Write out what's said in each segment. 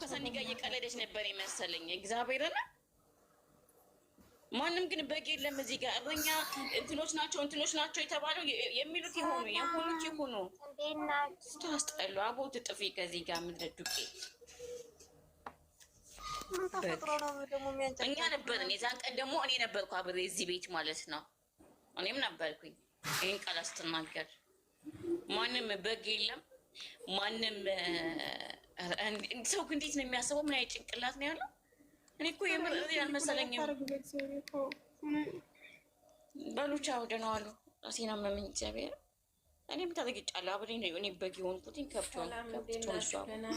ከሰኒ ጋር እየቀለደች ነበር የመሰለኝ እግዚአብሔር ማንም ግን በግ የለም እዚህ ጋር እረኛ እንትኖች ናቸው እንትኖች ናቸው የተባለው የሚሉት ይሆኑ የሆኑት ይሆኑ ስታስጠሉ አቦት ጥፊ ከዚህ ጋር ምድረ ዱቄ እኛ ነበርን። የዛን ቀን ደግሞ እኔ ነበርኩ አብሬ እዚህ ቤት ማለት ነው። እኔም ነበርኩኝ ይህን ቃል ስትናገር ማንም በግ የለም ማንም ሰው እንዴት ነው የሚያስበው? ምን አይነት ጭንቅላት ነው ያለው? እኔ እኮ የምር አልመሰለኝም። በሉቻ ወደ ነው አሉ ሴና መመኝ እግዚአብሔር እኔም ተዘግጫለሁ። አብሬ ነው እኔ በግ የሆንኩትኝ ከብቸውን እግዚአብሔርምሬን እኮ ነው እዚህ የመጣ ነው ነው።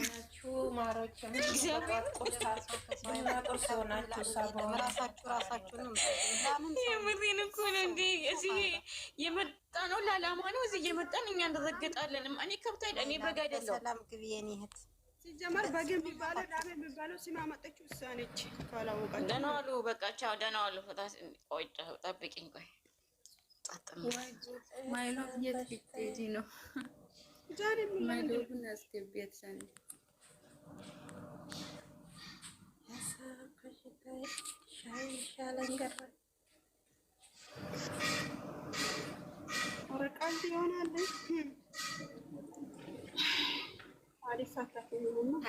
እዚህ እየመጣን እኛ እኔ ከብት እኔ በግ ሲጀመር በግ የሚባለው ላም የሚባለው ስም አመጣችው እሷ ነች። ደህና ዋሉ። በቃ ቻው፣ ደህና ዋሉ። ቆይ ጠብቂኝ። ቆይ ነው? ወረቃል ይሆናል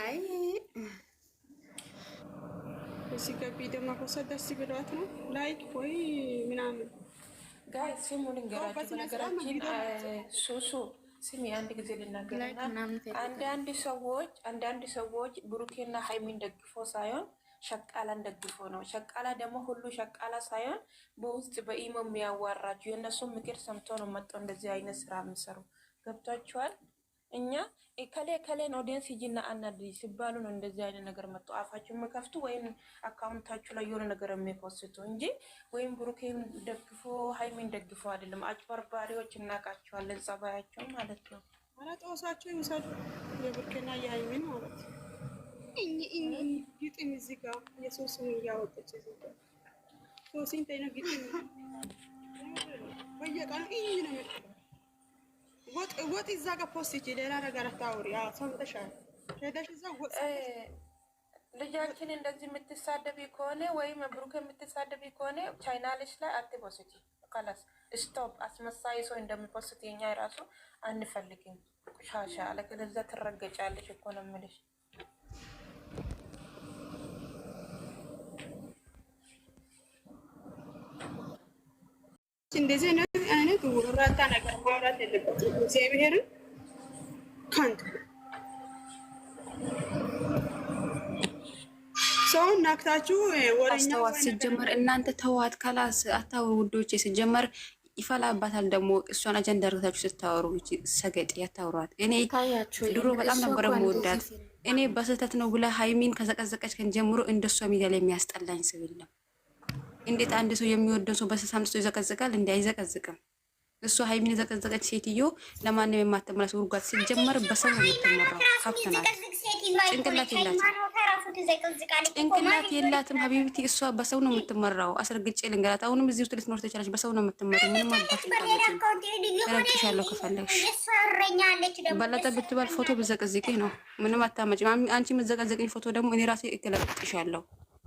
አይ እዚህ ገቢ ደግሞ በሰው ደስ ብሏት ነው። ላይክ ወይ ምናምን ጋር ስሙ ልንገራችሁ። በነገራችን ሱሱ ስሚ አንድ ጊዜ ልናገርና አንዳንድ ሰዎች አንዳንድ ሰዎች ብሩኬና ሀይሚን ደግፎ ሳይሆን ሸቃላን ደግፎ ነው። ሸቃላ ደግሞ ሁሉ ሸቃላ ሳይሆን በውስጥ በኢሞ የሚያዋራችሁ የእነሱን ምክር ሰምቶ ነው መጠው እንደዚህ አይነት ስራ የምሰሩ ገብቷችኋል። እኛ ከሌ ከሌን ኦዲየንስ ሂጂና አናድ ሲባሉ ነው እንደዚህ አይነት ነገር መጥቶ አፋቸው የሚከፍቱ ወይም አካውንታችሁ ላይ የሆነ ነገር የሚፖስቱ እንጂ ወይም ብሩኬን ደግፎ ሀይሜን ደግፎ አይደለም። አጭበርባሪዎች እናቃቸዋለን፣ ጸባያቸው ማለት ነው። ጦሳቸው ይውሰዱ፣ የብሩኬና የሀይሜን ማለት ነው። ግጥም እዚህ ጋር የሶስን እያወጠች እዚህ ጋር ሶሲን ተይነ ግጥም በየቀኑ ይህ ነው ወጥ ወጥ እዛ ጋር ፖስት ሌላ ነገር አታውሪ። ሰምተሻል። ሄደሽ እዛ ወጥ ልጃችን እንደዚህ የምትሳደቢ ከሆነ ወይም ብሩክ የምትሳደቢ ከሆነ ቻይናልሽ ላይ አትፖስቲ። ካላስ ስቶፕ። አስመሳይ ሰው እንደሚፖስት የኛ የራሱ አንፈልግም። ቁሻሻ አለከለዛ ትረገጫለሽ እኮ ነው የምልሽ። እንደዚህ ነው ከንቱ እራታ ነገር ማውራት የለበትም። እግዚአብሔርን ከንቱ ሰውን ናክታችሁ ወረኛዋት ሲጀመር እናንተ ተዋት ከላስ አታውሩ ውዶች። ሲጀመር ይፈላባታል ደግሞ እሷን አጀንዳ አድርጋችሁ ስታወሩ ሰገጤ ያታውሯት። እኔ ድሮ በጣም ነበረ መወዳት። እኔ በስህተት ነው ብለ ሀይሚን ከዘቀዘቀች ከን ጀምሮ እንደሷ ሚዲያ ላይ የሚያስጠላኝ ሰው የለም። እንዴት አንድ ሰው የሚወደን ሰው በስህተት አምጥቶ ይዘቀዝቃል? እንዲ አይዘቀዝቅም። እሱ ሀይሚን የዘቀዘቀች ሴትዮ ለማንም የማትመለስ ውርጓት ሲጀመር በሰው የምትመራው ካብትናል። ጭንቅላት የላትም፣ ጭንቅላት የላትም ጭንቅላት የላትም ሀቢብቲ እሷ በሰው ነው የምትመራው። አስረግጬ ልንገላት። አሁንም እዚህ ውስጥ ልትኖር ትችላለች። በሰው ነው የምትመራው። ምንም አባት ረግጥሻለሁ ከፈለግሽ። በለጠ ብትባል ፎቶ ብዘቀዝቅህ ነው ምንም አታመጭም። አንቺ የምትዘቀዝቅኝ ፎቶ ደግሞ እኔ ራሴ እገለጥሻለሁ።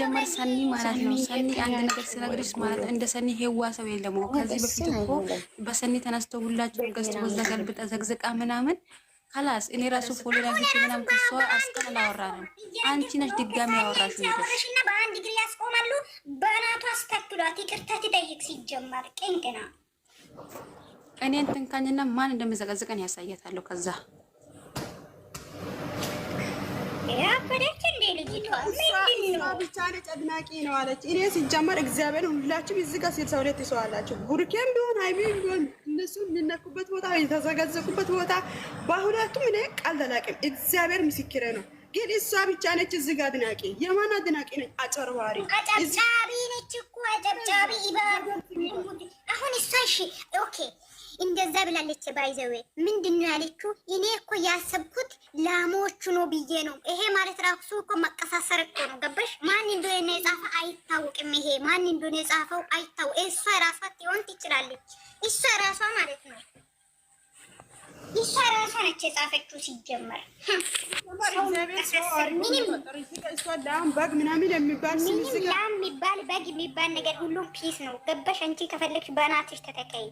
ጀመር ሰኒ ማለት ነው። ሰኒ አንድ ነገር ስነግርሽ ማለት ነው እንደ ሰኒ ሄዋ ሰው የለም። ከዚህ በፊት እኮ በሰኒ ሁላቸው ገዝቶ ምናምን ከላስ እኔ ራሱ ምናምን ከሷ አንቺ ነሽ ድጋሚ ያወራሽ በአንድ ያስቆማሉ። በእናቱ አስተክሏት ይቅርታ ትጠይቅ። ሲጀመር ቅንቅና እኔ እንትን ካኝና ማን እንደምዘቀዝቀን ከዛ ብቻ ነች አድናቂ ነው አለች። እኔ ሲጀመር እግዚአብሔር ሁላችሁም እዚህ ጋር ስልሳ ሁለት ሰው አላችሁ። ቡርኬም ቢሆን ሃይሚም ቢሆን እነሱ የሚነኩበት ቦታ የተዘገዘቁበት ቦታ በሁለቱም እኔ ቃል አላውቅም። እግዚአብሔር ምስክሬ ነው። ግን እሷ ብቻ ነች እዚህ ጋር አድናቂ። የማን አድናቂ ነች? አጨርባሪ አጨብጫቢ ነች እኮ አጨብጫቢ። አሁን እሷ እሺ ኦኬ እንደዛ ብላለች። ባይዘዌ ምንድን ነው ያለችው? እኔ እኮ ያሰብኩት ላሞቹ ነው ብዬ ነው። ይሄ ማለት ራሱ እኮ መቀሳሰር እኮ ነው። ገበሽ ማን እንደሆነ የጻፈ አይታወቅም። ይሄ ማን እንደሆነ የጻፈው አይታወቅ። እሷ የራሷ ትሆን ትችላለች። እሷ የራሷ ማለት ነው። እሷ ራሷ ነች የጻፈችው። ሲጀመር በግ ምናምን የሚባል ምንም ላም የሚባል በግ የሚባል ነገር ሁሉም ፒስ ነው። ገበሽ አንቺ ከፈለግሽ በናትሽ ተተካይ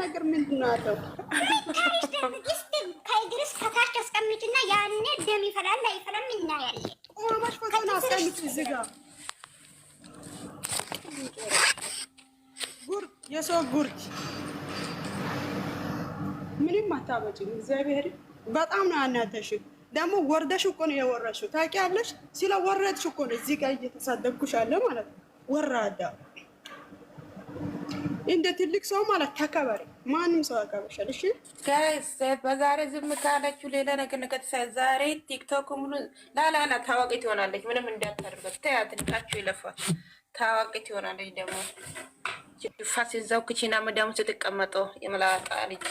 ነገር ምንድን ነው አለው? ከእግርስ ከታች አስቀምጭና ያኔ ደም ይፈላል አይፈላም እናያለን። የሰው ጉርድ ምንም አታበጭም። እግዚአብሔር በጣም ነው አናተሽም ደግሞ ወርደሽ እኮ ነው የወረድሽው። ታውቂያለሽ፣ ወረድሽ እኮ ነው እዚህ ጋር እየተሳደብኩሽ አለ ማለት ነው። ወራዳ እንደ ትልቅ ሰው ማለት ተከበሪ። ማንም ሰው ያከብርሻል። እሺ ጋይስ፣ በዛሬ ዝም ካለችው ሌላ ነገር ነገር ዛሬ ቲክቶክ ሙሉ ላላላ ታዋቂ ትሆናለች። ምንም እንዳታደርገት ተያት። ንቃችሁ ይለፋል። ታዋቂ ትሆናለች። ደግሞ ፋስ ሲዛው ክቺና መዳሙ ስትቀመጠው የመላጣ ልጅ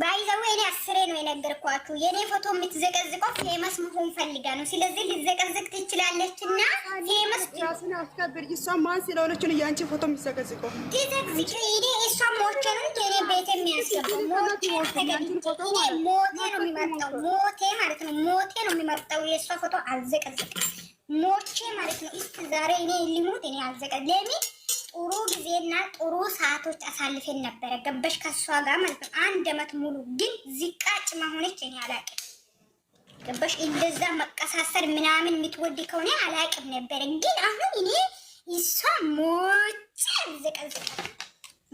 ባይዘው እኔ አስሬ ነው የነገርኳችሁ። የኔ ፎቶ የምትዘቀዝቀው ፌመስ መሆን ፈልጋ ነው። ስለዚህ ልዘቀዝቅ ትችላለች እና ፌመስ ራስን አስከብር። እሷ ማን ስለሆነችን የአንቺ ፎቶ የምትዘቀዝቀው እሷ ሞቼ ቤት ማለት ነው ሞቴ ነው የሚመርጠው። የእሷ ፎቶ ሞቼ ማለት ነው። ዛሬ እኔ ሊሞት እኔ ጥሩ ጊዜና ጥሩ ሰዓቶች አሳልፌን ነበረ። ገበሽ ከሷ ጋር ማለት ነው አንድ አመት ሙሉ ግን ዝቃጭ መሆነች እኔ አላቅም። ገበሽ እንደዛ መቀሳሰር ምናምን የምትወድ ከሆነ አላቅም ነበረ። ግን አሁን እኔ እሷ ሞቼ ዝቀዝቀ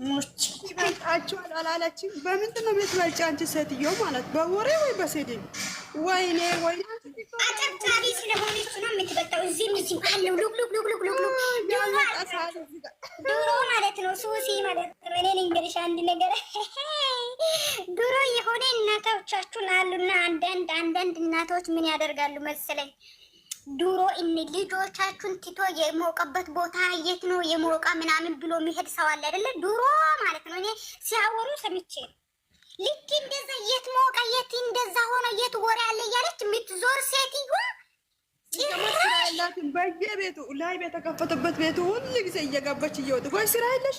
ሞቼ ይበልጣችኋል አላለችም። በምንድን ነው የምትበልጪ አንቺ ሴትዮ ማለት በወሬ ወይ በሴዴ ወይኔ ወይኔ ማለት የሆነ እናቶቻችን አሉና አንዳንድ አንዳንድ እናቶች ምን ያደርጋሉ መሰለኝ እኒ ልጆቻችሁን ትቶ የሞቀበት ቦታ የት ነው የሞቀ ምናምን ብሎ የሚሄድ ሰው አለ አይደለ? ዱሮ ማለት ነው። እኔ ሲያወሩ ሰምቼ ነው ልክ እንደዛ የት ሞቀ የት እንደዛ ሆነ የት ወሬ አለ እያለች የምትዞር ሴትዮዋ ጭራሽላትን በየቤቱ ላይ የተከፈተበት ቤቱ ሁሉ ጊዜ እየገባች እየወጡ ወይ ስራ የለሽ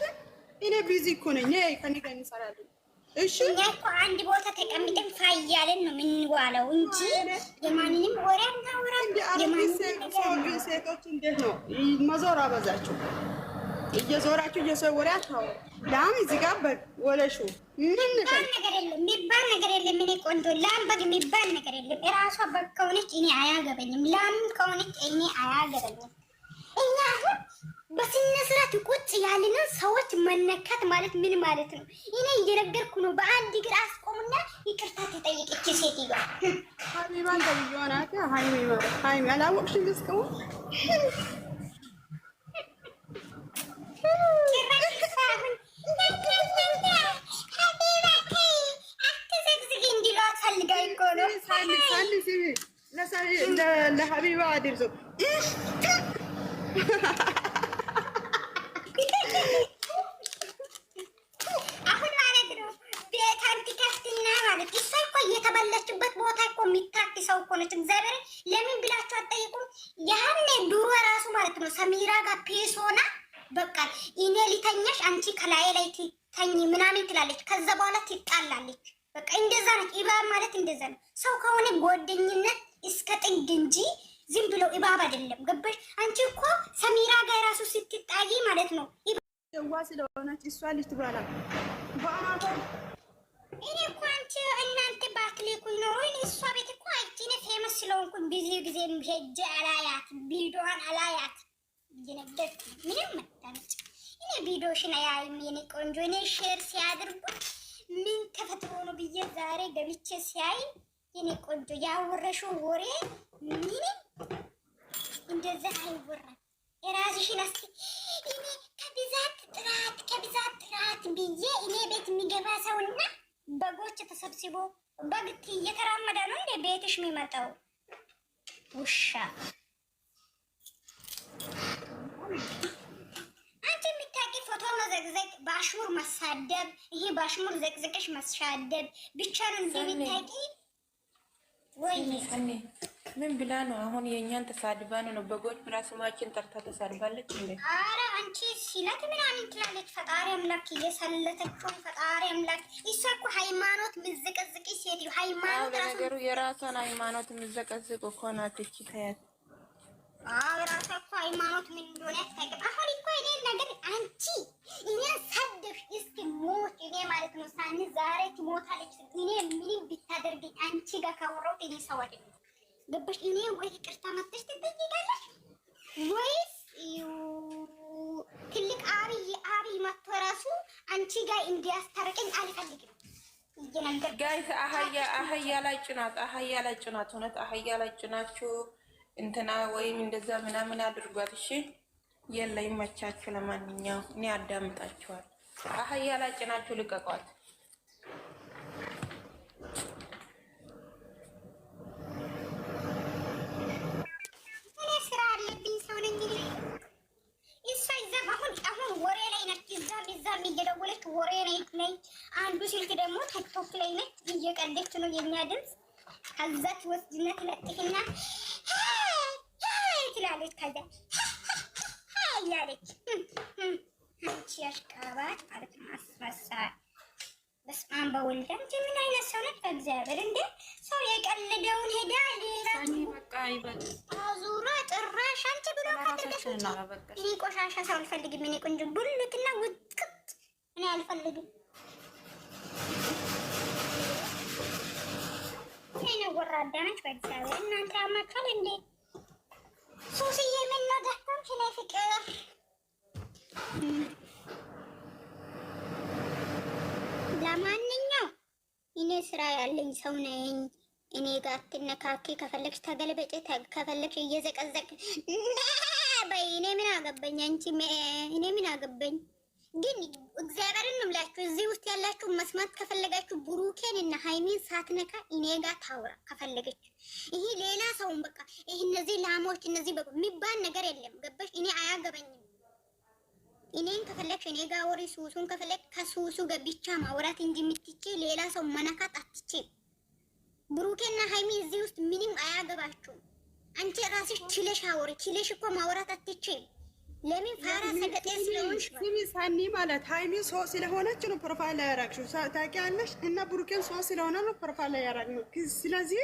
እኔ ቢዚ እኮ ነኝ ከኔ ጋር እንሰራለን። እሺ እኛ እኮ አንድ ቦታ ተቀምጠን ፋያለን ነው የምንዋለው እንጂ የማንንም ወሬ አናወራም። የማንንም ሴቶች እንዴት ነው መዞር አበዛቸው። እየዞራችሁ እየሰወረ ያታው ላም እዚህ ጋር ወለሹ የለም የሚባል ነገር የለም። እኔ ቆንጆ ላም በግ የሚባል ነገር የለም። እራሷ በግ ከሆነች እኔ አያገበኝም፣ ላም ከሆነች እኔ አያገበኝም። እኛ አሁን በስነ ስርዓት ቁጭ ያልና ሰዎች መነካት ማለት ምን ማለት ነው? እኔ እየነገርኩ ነው። በአንድ እግር አስቆሙና ይቅርታ ተጠይቅች ሴትዮ ሀይሚማን ተብዬ ሆናት ሀይሚ ሀይሚ አላወቅሽም እስከው Adilson. Estica! አግባብ አይደለም። ገባሽ? አንቺ እኮ ሰሚራ ጋር ራሱ ስትጣይ ማለት ነው ዋ ስለሆነች እሷ ልጅ ትባላ እኔ እኮ አንቺ እናንተ ባትልኩ ኖሮ እሷ ቤት እኮ አንቺ ፌመስ ስለሆንኩኝ ብዙ ጊዜ ሄጄ አላያት ቢዶዋን አላያት እየነገርኩ ምንም መጣለች። እኔ ቢዶሽን አያይም የኔ ቆንጆ። እኔ ሼር ሲያደርጉ ምን ተፈጥሮ ነው ብዬ ዛሬ ገብቼ ሲያይ የኔ ቆንጆ ያወረሽው ወሬ ምንም እንደዛ አይወራም። የራስሽን አስ እኔ ከብዛት ጥራት ከብዛት ጥራት ብዬ እኔ ቤት የሚገባ ሰውና በጎች ተሰብስቦ በግት እየተራመደ ነው እንደ ቤትሽ የሚመጣው ውሻ። አንቺ የምታውቂ ፎቶ መዘግዘቅ፣ በአሽሙር መሳደብ፣ ይሄ በአሽሙር ዘቅዘቅሽ መሳደብ ብቻ ነው እንደ ወይ ምን ብላ ነው አሁን የእኛን ተሳድባ ነው? በጎች ብላ ስማችን ጠርታ ተሳድባለች እንዴ? አረ አንቺ ሲለት ምናምን ትላለች። ፈጣሪ አምላክ እየሰለተችውን ፈጣሪ አምላክ ይሰኩ ሃይማኖት ምዝቀዝቅ ሴት ሃይማኖት ነገሩ የራሷን ሃይማኖት ምዘቀዝቅ እኮ ናት እቺ። ተያት የራሷ እኮ ሃይማኖት ምን እንደሆነ አሁን እኮ እኔ ነገር አንቺ እኔ እስኪ ሞት እኔ ማለት ነው ሳኒ ዛሬ ትሞታለች። እኔ ምንም አንቺ ጋር ካወራሁት እኔ ሰው አይደለም ገባሽ? እኔ ወይ ይቅርታ መጥተሽ ትጠይቃለሽ ወይስ ትልቅ አብይ አብይ መጥቶ ራሱ አንቺ ጋር እንዲያስታርቀኝ አልፈልግም። ጋይስ አህያ ላይ ጭናት፣ አህያ ላይ ጭናት፣ እውነት አህያ ላይ ጭናችሁ እንትና ወይም እንደዛ ምናምን አድርጓት። እሺ የለ ይመቻችሁ። ለማንኛውም እኔ አዳምጣችኋል። አህያ ላይ ጭናችሁ ልቀቋት። እዛም እየደወለች ወሬ ነች ነኝ። አንዱ ስልክ ደግሞ ቲክቶክ ላይ ነች፣ እየቀለች ነው የኛ ድምፅ። ከዛ ትወስድና ትለጥፍና ትላለች። ከዛ ይላለች አንቺ አሽቃባጭ ማለት ነው በስመ አብ በወልድ አንቺ ምን አይነት ሰው ነሽ? በእግዚአብሔር እንደ ሰው የቀለደውን ሄዳ አዙራ ጭራሽ አንቺ ብሎ እኔ ቆሻሻ ሰው አልፈልግም። እኔ ቆንጆ ቡልትና እኔ አልፈልግም። ነው ወራዳ ነች። በእግዚአብሔር እናንተ ያማካል እንዴ ስራ ያለኝ ሰው ነኝ። እኔ ጋር ትነካኪ ከፈለግሽ ተገልበጭ፣ ከፈለግሽ እየዘቀዘቅ በይ። እኔ ምን አገባኝ? አንቺ እኔ ምን አገባኝ? ግን እግዚአብሔርን ነው የምላችሁ። እዚህ ውስጥ ያላችሁ መስማት ከፈለጋችሁ ብሩኬን እና ሃይሚን ሳትነካ እኔ ጋር ታውራ ከፈለገች። ይሄ ሌላ ሰውን በቃ ይህ እነዚህ ላሞች እነዚህ በቃ የሚባል ነገር የለም። ገባሽ? እኔ አያገባኝም። እኔን ከፈለግሽ እኔ ጋር ወሬ ሱሱን ከፈለግ ከሱሱ ገብቻ ማውራት እንጂ የምትቼ ሌላ ሰው መነካት አትችም። ብሩኬና ሀይሚ እዚህ ውስጥ ምንም አያገባችሁም። አንቺ ራስሽ ችለሽ አውሪ። ችለሽ እኮ ማውራት አትችም። ለምን ፋራ ሰገጤ ስለሆንሽ ሳኒ ማለት ሀይሚ ሰው ስለሆነች ነው ፕሮፋይል ያራቅሽው ታውቂያለሽ። እና ብሩኬን ሰው ስለሆነ ነው ፕሮፋይል ያራቅ ነው። ስለዚህ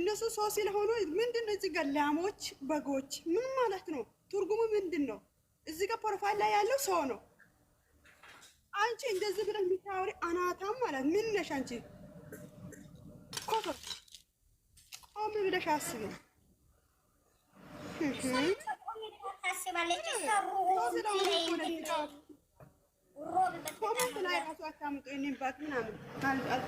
እነሱ ሰው ስለሆኑ ምንድን ነው እዚህ ጋር ላሞች፣ በጎች ምን ማለት ነው? ትርጉሙ ምንድን ነው? እዚህ ጋር ፕሮፋይል ላይ ያለው ሰው ነው። አንቺ እንደዚህ ብለሽ የምታወሪ አናታም ማለት ምን ነሽ አንቺ? ኮቶ ቆም ብለሽ አስቢ። ኮመንት ላይ ራሱ አታምጡ። እኔ ባት ምናምን አልፈ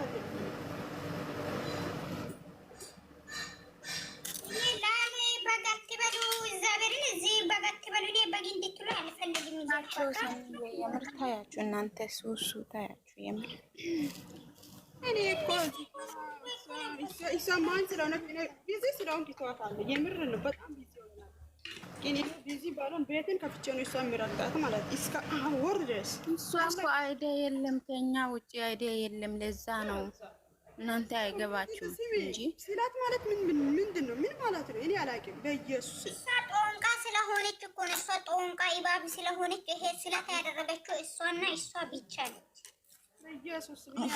ታያቸው የምር ታያችሁ፣ እናንተ ሱሱ ታያችሁ የምር እኔ እኮ ይሰማን ስለሆነ ቢዚ ስለሆንኩ ይተዋታሉ። የምር ነው በጣም ቢዚ ሆናል። ግን ቢዚ ባልሆን ቤትን ከፍቼ ነው እሷ የሚረዳት ማለት እስከ አሁን ድረስ እሷ እኮ አይዲያ የለም ከኛ ውጭ አይዲያ የለም። ለዛ ነው እናንተ አይገባችሁም እንጂ ሲላት ማለት ምን ምን ምንድን ነው? ምን ማለት ነው? እኔ አላውቅም። በኢየሱስ እሷ ጦንቃ ስለሆነች እኮ ነው። እሷ ጦንቃ ኢባብ ስለሆነች ይሄ ስላት ያደረገችው እሷና እሷ ብቻ ነች። በኢየሱስ ምን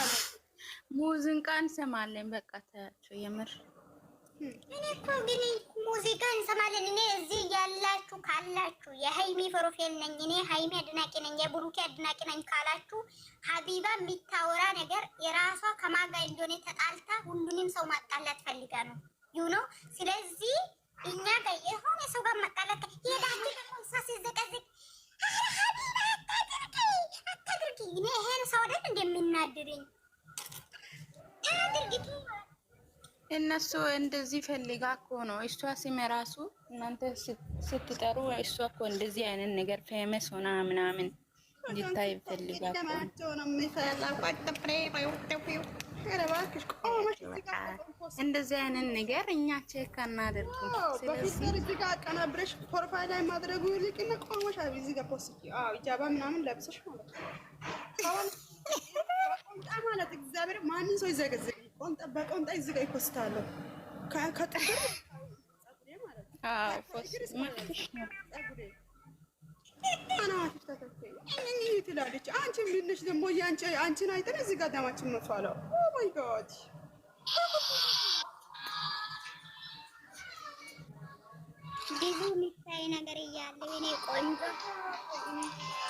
ሙዝንቃን ሰማለን። በቃ ተያቸው የምር እኔ እኮ ግን ሙዚቃ እንሰማለን። እኔ እዚህ ያላችሁ ካላችሁ የሀይሚ ፕሮፌል ነኝ እኔ ሀይሚ አድናቂ ነኝ የብሩኬ አድናቂ ነኝ ካላችሁ ሀቢባ የሚታወራ ነገር የራሷ ከማጋ እንደሆነ ተጣልታ ሁሉንም ሰው ማጣላት ፈልጋ ነው ዩ ነው። ስለዚህ እኛ ጋር የሆነ ሰው ጋር ማጣላት የዳችሁ ደግሞ እሷ ሲዘቀዝቅ አታድርጊ፣ እኔ ይሄን ሰው አይደል እንደሚናድርኝ ድርጊቱ እነሱ እንደዚህ ፈልጋ እኮ ነው እሷ ሲመራሱ እናንተ ስትጠሩ እሷ እኮ እንደዚህ አይነት ነገር ፌመስ ሆና ምናምን እንዲታይ ፈልጋ እንደዚህ አይነት ነገር እኛ ቼክ አናደርጉ። ስለዚህ ፕሮፋይል ላይ ማድረጉ ይልቅና ቆመሽ እዚህ ጋር ፖስት ጃባ ምናምን ለብሰሽ ማለት ነው ማለት እግዚአብሔር ማንን ሰው ይዘገዘግ በቆንጣ እዚህ ጋር ይኮስታለሁ ከጥግር ትላለች። አንቺ ምንሽ ደግሞ አንቺን አይተን እዚህ ጋር ደማችን መፋለው ማይ ጋድ ፍሬ ነገር እያለ እኔ ቆንጆ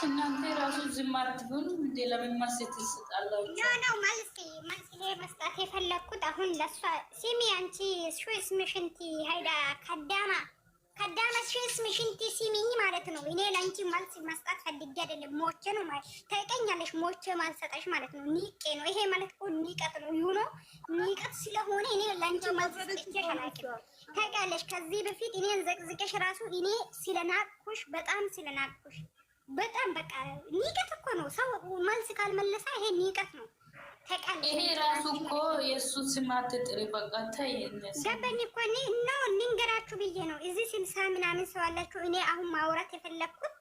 እናንተ ራሱ ዝም አትሆኑ እንዴ? ለምን መልስ ትሰጣላችሁ? ኖ ኖ መልስ መልስ መስጣት የፈለግኩት አሁን ለእሷ ሲሚ አንቺ ስዊስ ምሽንቲ ሀይዳ ከዳማ ከዳመሽን ስምሽንቲ ሲሚኝ ማለት ነው። እኔ ለአንቺ መልስ መስጠት ፈልጌ አይደለም። ሞቼ ነው ማለት ታይቀኛለሽ። ሞቼ ማልሰጠሽ ማለት ነው። ኒቄ ነው ይሄ ማለት እኮ ኒቀት ነው። ይሁ ኒቀት ስለሆነ እኔ ለአንቺ መልስ ሰጥቼ አላውቅም። ታውቂያለሽ፣ ከዚህ በፊት እኔን ዘቅዝቀሽ ራሱ እኔ ስለናቅኩሽ፣ በጣም ስለናቅኩሽ፣ በጣም በቃ ኒቀት እኮ ነው። ሰው መልስ ካልመለሰ ይሄ ኒቀት ነው። ይሄ ራሱ እኮ የእሱ ስም አትጥሪ። በቃ ተይ ገባኝ እኮ እኔ ነው እንንገራችሁ ብዬ ነው። እዚህ ስልሳ ምናምን ሰው አላችሁ። እኔ አሁን ማውራት የፈለግኩት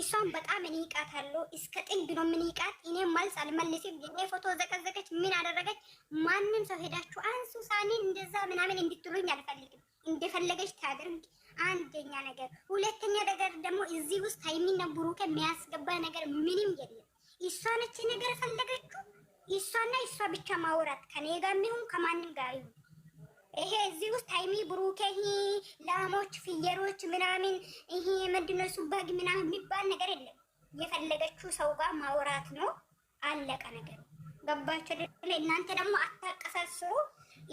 እሷን በጣም እኔ እቃታለሁ። እስከ ጥግ ነው ምን ይቃት። እኔ መልስ አልመልስም። የኔ ፎቶ ዘቀዘቀች፣ ምን አደረገች? ማንም ሰው ሄዳችሁ አንሱ ሳኒን እንደዛ ምናምን እንድትሉኝ አልፈልግም። እንደፈለገች ታድርግ። አንደኛ ነገር፣ ሁለተኛ ነገር ደግሞ እዚህ ውስጥ ሃይሚና ብሩክ የሚያስገባ ነገር ምንም የለም። እሷ ነች ነገር ፈለገችው ይሷና ይሷ ብቻ ማውራት ከኔ ጋር የሚሆን ከማንም ጋር ይሁን ይሄ እዚህ ውስጥ ሀይሚ ብሩኬ፣ ላሞች፣ ፍየሮች ምናምን ይሄ ምንድነው በግ ምናምን የሚባል ነገር የለም። የፈለገችው ሰው ጋር ማውራት ነው። አለቀ ነገር። ገባቸው ደግሞ እናንተ ደግሞ አታቀሳስሩ።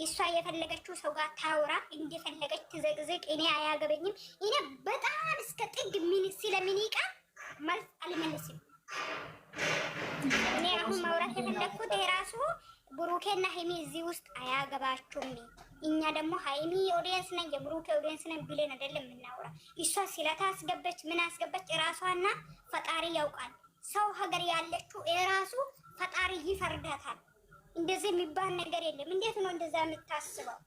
እሷ የፈለገችው ሰው ጋር ታውራ፣ እንደፈለገች ትዘቅዝቅ። እኔ አያገበኝም። እኔ በጣም እስከ ጥግ ስለምንቃ መልስ አልመለስም። እኔ አሁን ማውራት የፈለግኩት የራሱ ብሩኬና ሀይሚ እዚህ ውስጥ አያገባችሁም። እኛ ደግሞ ሀይሚ ኦዲየንስ ነን የብሩኬ ኦዲየንስ ነን ብለን አይደለም የምናውራ። እሷ ሲለት አስገበች ምን አስገበች ራሷና ፈጣሪ ያውቃል። ሰው ሀገር ያለችው የራሱ ፈጣሪ ይፈርዳታል። እንደዚህ የሚባል ነገር የለም። እንዴት ነው እንደዛ የምታስበው?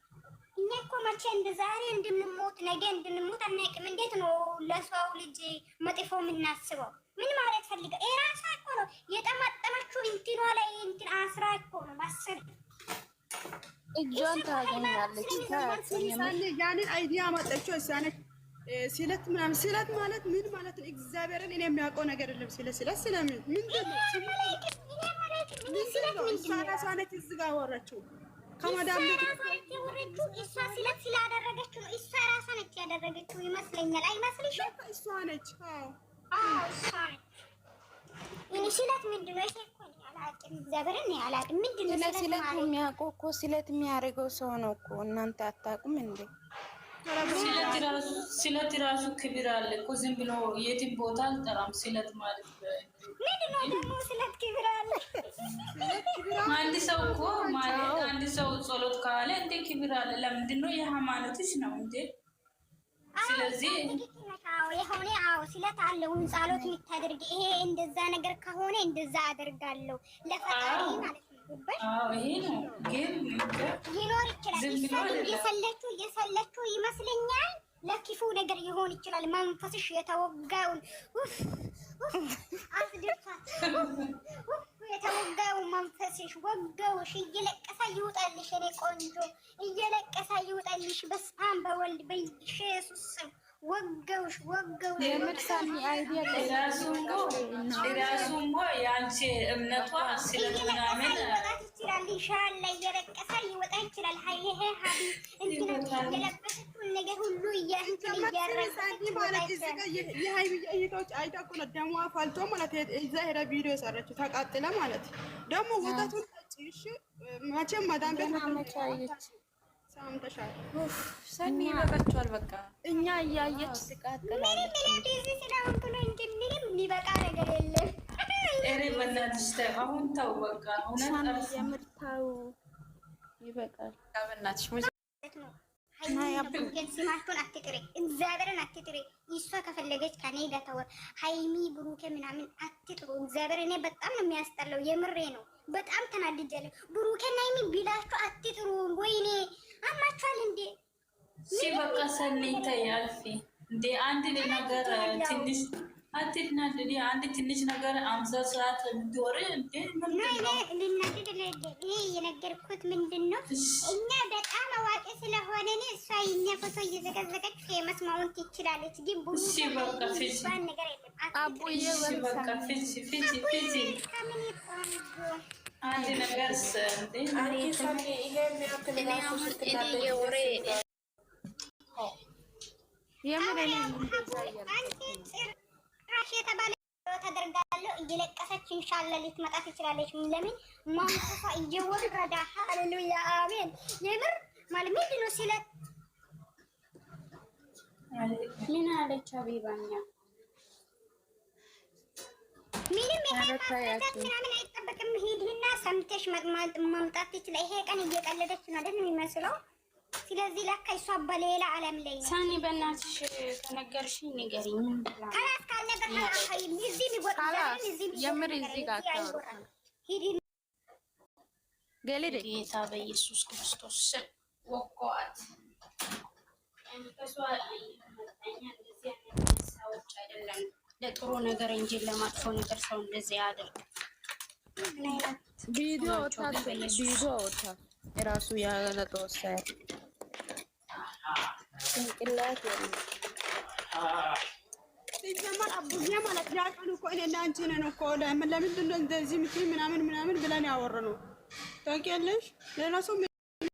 እኛ እኮ መቼ እንደ ዛሬ እንድንሞት ነገ እንድንሞት አናውቅም። እንዴት ነው ለሰው ልጅ መጥፎ የምናስበው? ምን ፈልገ የራሷ እኮ ነው የጠመጠመችው። እንትኗ ላይ እንትን አስራ እኮ ነው ማሰል እጇን ታገኛለች። ያንን አይዲያ አመጣችው እሷ ስለት ምናምን ስለት ማለት ምን ማለት ነው? እግዚአብሔርን እኔ የሚያውቀው ነገር የለም። ስለ ስለት ስለምን ምንድን ነው እሷ እራሷ ነች እዚህ ጋር አወራችው። ከመዳም ስለት ስላደረገችው ነው። እሷ ራሷ ነች ያደረገችው ይመስለኛል። አይመስልሽም? እሷ ነች። አዎ እሷ ነች። እኔ ሲላት ምንድን ነው? ይሄ እኮ እኔ አላውቅም፣ እግዚአብሔርን እኔ አላውቅም። ምንድን ነው ስለት የሚያውቀው እኮ ስለት የሚያደርገው ሰው ነው እኮ እናንተ አታውቁም እንዴ? ስለት ራሱ ክብር አለ እኮ ዝም ብሎ የትም ቦታ አልጠራም። ስለት ማለት ምንድን ነው ደግሞ? ስለት ክብር አለ። አንድ ሰው እኮ ማለት አንድ ሰው ጸሎት ካለ እንደ ክብር አለ። ለምንድን ነው የሃይማኖትሽ ነው እንዴ? ስለዚህ የሆነ አዎ ስለት አለው ጸሎት የምታደርግ ይሄ እንደዛ ነገር ከሆነ እንደዛ አደርጋለሁ ለፈጣሪ ማለት ነው። ሊኖር ይችላል የሰለችው የሰለችው ይመስለኛል። ለክፉ ነገር ይሆን ይችላል መንፈስሽ የተወጋውን አስደፋት። የተወጋው መንፈስሽ ወጋውሽ። እየለቀሳ ይውጣልሽ የኔ ቆንጆ፣ እየለቀሳ ይውጣልሽ። በስመ አብ ወልድ በኢየሱስ ስም ወጋውሽ፣ ወጋውሽ። የምርሳኒ አይዲያ ራሱ እኮ የአንቺ እምነቷ ስለምናምን ይችላል። ኢንሻአላህ እየለቀሳ ይወጣ ይችላል። ሀይሄ ሀቢ እንዲነ እየለበሰ ነገር ሁሉ እያንትን እያረጋችሁ ማለት እዚህ ጋር እዛ ሄዳ ቪዲዮ የሰራችው ተቃጥለ ማለት ደግሞ ወተቱን ጠጪ። እሺ መቼም ማዳን ቤት ሰኒ ይበቃችኋል። በቃ እኛ እያየች ስቃጥለ ምንም ምንም ቢዚ ስለሆንኩ ነው እንጂ ምንም ሊበቃ ነገር የለም። አሁን ተው በቃ ይበቃል። ስማችሁን አትጥሪ፣ እግዚአብሔርን አትጥሪ። እሷ ከፈለገች ከኔ ጋር ተወር። ሀይሚ ብሩኬ ምናምን አትጥሩ። እግዚአብሔር እኔ በጣም ነው የሚያስጠላው፣ የምሬ ነው። በጣም ተናድጃለሁ። ብሩኬና ሀይሚ ቢላችሁ አትጥሩ። ወይኔ አማችኋል እንዴ! እሺ ሰኔ ተይ እንዴ አንድ ነገር ትንሽ አትናደድ። አንድ ትንሽ ነገር አምሳ ሰዓት የምትወሪ የነገርኩት ምንድን ነው? እኛ በጣም አዋቂ ስለሆነ እሷ የኛ ፎቶ እየዘቀዘቀች ፌመስ መሆን ትችላለች፣ ግን ነገር ጭራሽ የተባለ ተደርጋለሁ እየለቀሰች ኢንሻአላ ልትመጣ ትችላለች። ለምን ማንፈሳ እየወረዳ ሃሌሉያ አሜን። የምር ማለት ምንድን ነው ሲለ ምን አለች አቢባኛ ምንም የማስተካከል ምናምን አይጠበቅም። ሂድና ሰምተሽ መምጣት ትችላለች። ይሄ ቀን እየቀለደች ነው አይደል የሚመስለው ስለዚህ ለካ እሷ በሌላ ዓለም ላይ ሳኒ በእናትሽ ከነገርሽ ንገሪኝ። ካላስ ካልነገር የምር እዚህ ጋር ጌታ በኢየሱስ ክርስቶስ ወቆዋት ሰዎች ለጥሩ ነገር እንጂ ለማጥፎ ነገር ሰው እንደዚህ አደርግ ቪዲዮ የራሱ ያለ ተወሳይ ጭንቅላት ሲጀመር አቡዬ ማለት እኮ አንቺ ነን እኮ ለምንድን ነው እንደዚህ ምናምን ምናምን ብለን ያወራነው ታውቂያለሽ።